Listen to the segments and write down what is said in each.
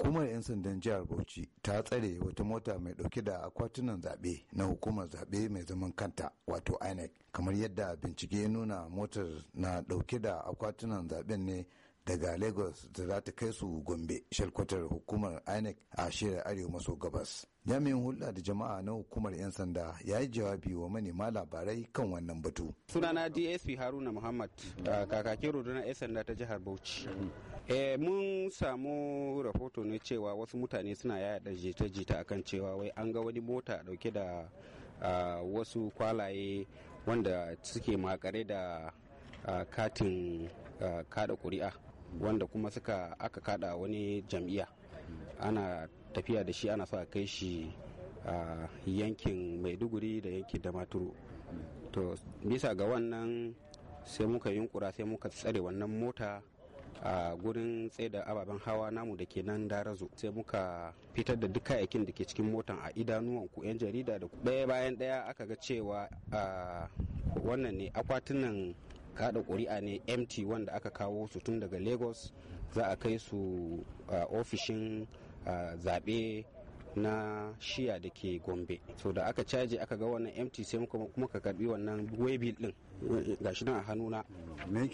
hukumar 'yan sandan jihar bauchi ta tsare wata mota mai dauke da akwatunan zaɓe na hukumar zaɓe mai zaman kanta wato inec kamar yadda bincike ya nuna motar na dauke da akwatunan zaɓen ne daga lagos da za ta kai su gombe shalkwatar hukumar inec a shirin arewa maso gabas jami'in hulɗa da jama'a na hukumar 'yan sanda ya yi jawabi wa manema labarai kan wannan batu sunana dsp haruna muhammad kakakin rundunar 'yan sanda ta jihar bauchi mm-hmm. eh, mun samu rahoto ne cewa wasu mutane suna yada jita-jita akan cewa wai an ga wani mota dauke da wasu kwalaye wanda suke makare da katin kada kuri'a wanda kuma suka aka kada wani jam'iyya ana tafiya da shi ana sa kai shi a yankin maiduguri da yankin damaturu to bisa ga wannan sai muka yunkura sai muka tsare wannan mota a gurin tsaida ababen hawa namu da ke nan darazo sai muka fitar da duk kayayyakin da ke cikin motan a idanuwan ku 'yan jarida da ɗaya bayan ɗaya aka ga cewa wannan ne akwatunan kada ƙuri'a ne mt wanda aka kawo su tun daga lagos za a kai su a uh, ofishin uh, zaɓe na shiya da ke gombe so da aka caji aka ga wannan mt sai kuma ka karbi wannan webil din gashi nan a hannuna me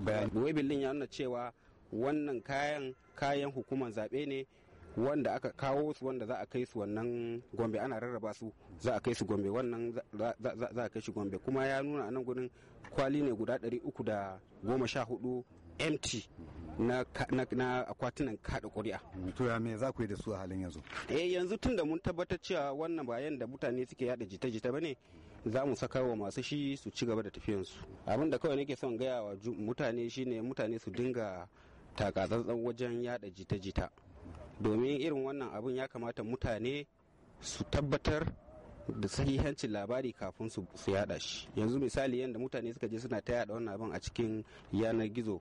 bayani webil din ya nuna cewa wannan kayan kayan hukumar zaɓe ne wanda aka kawo su wanda za a kai su wannan gombe ana rarraba su za a kai su gombe wannan za a kai shi gombe kuma ya nuna a nan gudun kwali ne guda 314 empty na, na, na akwatunan kada kuri'a. to ya me za ku yi da su a halin yanzu eh yanzu tun da mun tabbatar cewa wannan bayan da mutane suke yada jita-jita bane za mu saka wa masu shi su ci gaba da tafiyansu abin da kawai nake son gaya wa mutane shine mutane su dinga takatsantsan wajen yada jita-jita domin irin wannan abin ya kamata mutane su tabbatar da sahihancin labari kafin su yada shi yanzu misali yadda mutane suka je suna ta yada wannan abun a cikin yanar gizo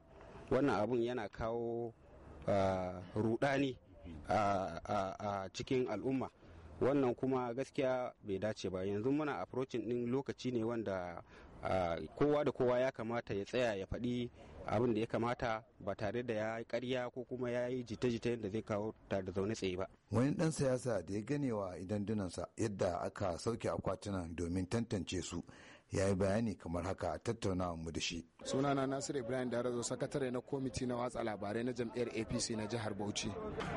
wannan abin yana kawo rudani a cikin al'umma wannan kuma gaskiya bai dace ba yanzu muna approaching din lokaci ne wanda kowa da kowa ya kamata ya tsaya ya faɗi abin da ya kamata ba tare da ya karya ko kuma ya yi jita-jita yadda zai kawo ta da zaune tsaye ba. Wani dan siyasa da ya ganewa idan dunansa yadda aka sauke akwatuna domin tantance su ya yi bayani kamar haka a tattaunawa mu da shi. sunana nasir ibrahim darazo sakatare na kwamiti na watsa labarai na jam'iyyar apc na jihar bauchi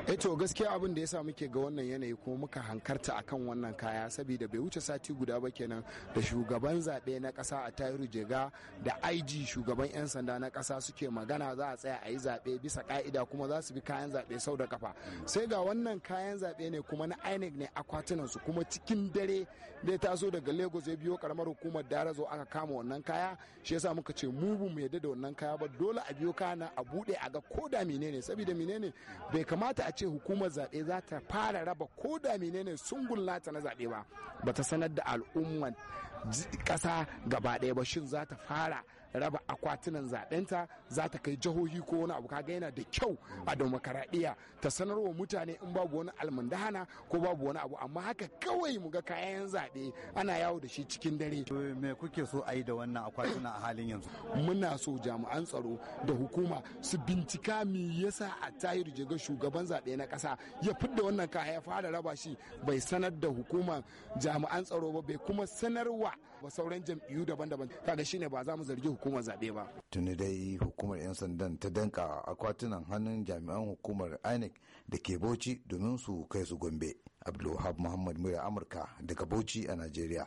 e to gaskiya abin da ya sa muke ga wannan yanayi kuma muka hankarta akan wannan kaya saboda bai wuce sati guda ba kenan da shugaban zaɓe na ƙasa a tayiru jega da ig shugaban 'yan sanda na ƙasa suke magana za a tsaya a yi zaɓe bisa ka'ida kuma za su bi kayan zaɓe sau da kafa sai ga wannan kayan zaɓe ne kuma na inec ne akwatunan su kuma cikin dare zai taso daga lagos ya biyo karamar hukumar da aka zo aka kama wannan kaya shi yasa muka ce mu mu yadda da wannan kaya ba dole a biyo kaya na a bude a ga koda menene saboda menene bai kamata a ce hukumar zaɓe za ta fara raba koda menene sungullata na zaɓe ba bata sanar da al'umman kasa gaba ɗaya ba shin za ta fara raba akwatunan zaɓenta za ta kai jihohi ko wani abu kaga yana da kyau a demokaradiyya ta sanarwa mutane in babu wani almundahana ko babu wani abu amma haka kawai mu ga kayan zaɓe ana yawo da shi cikin dare. me kuke so a yi da wannan akwatuna a halin yanzu? muna so jami'an tsaro da hukuma su bincika me yasa a tahiru jiga shugaban zaɓe na ƙasa ya fidda wannan kaya ya fara raba shi bai sanar da hukuma jami'an tsaro ba bai kuma sanarwa ba sauran jam'iyyu daban-daban kaga shine ba za mu zargi hukumar zaɓe ba. Tuni dai hukumar 'yan sandan ta danka akwatunan hannun jami'an hukumar INEC da ke Bauchi domin su kai su Gombe. Abdulwahab Muhammad Mura Amurka daga Bauchi a Najeriya.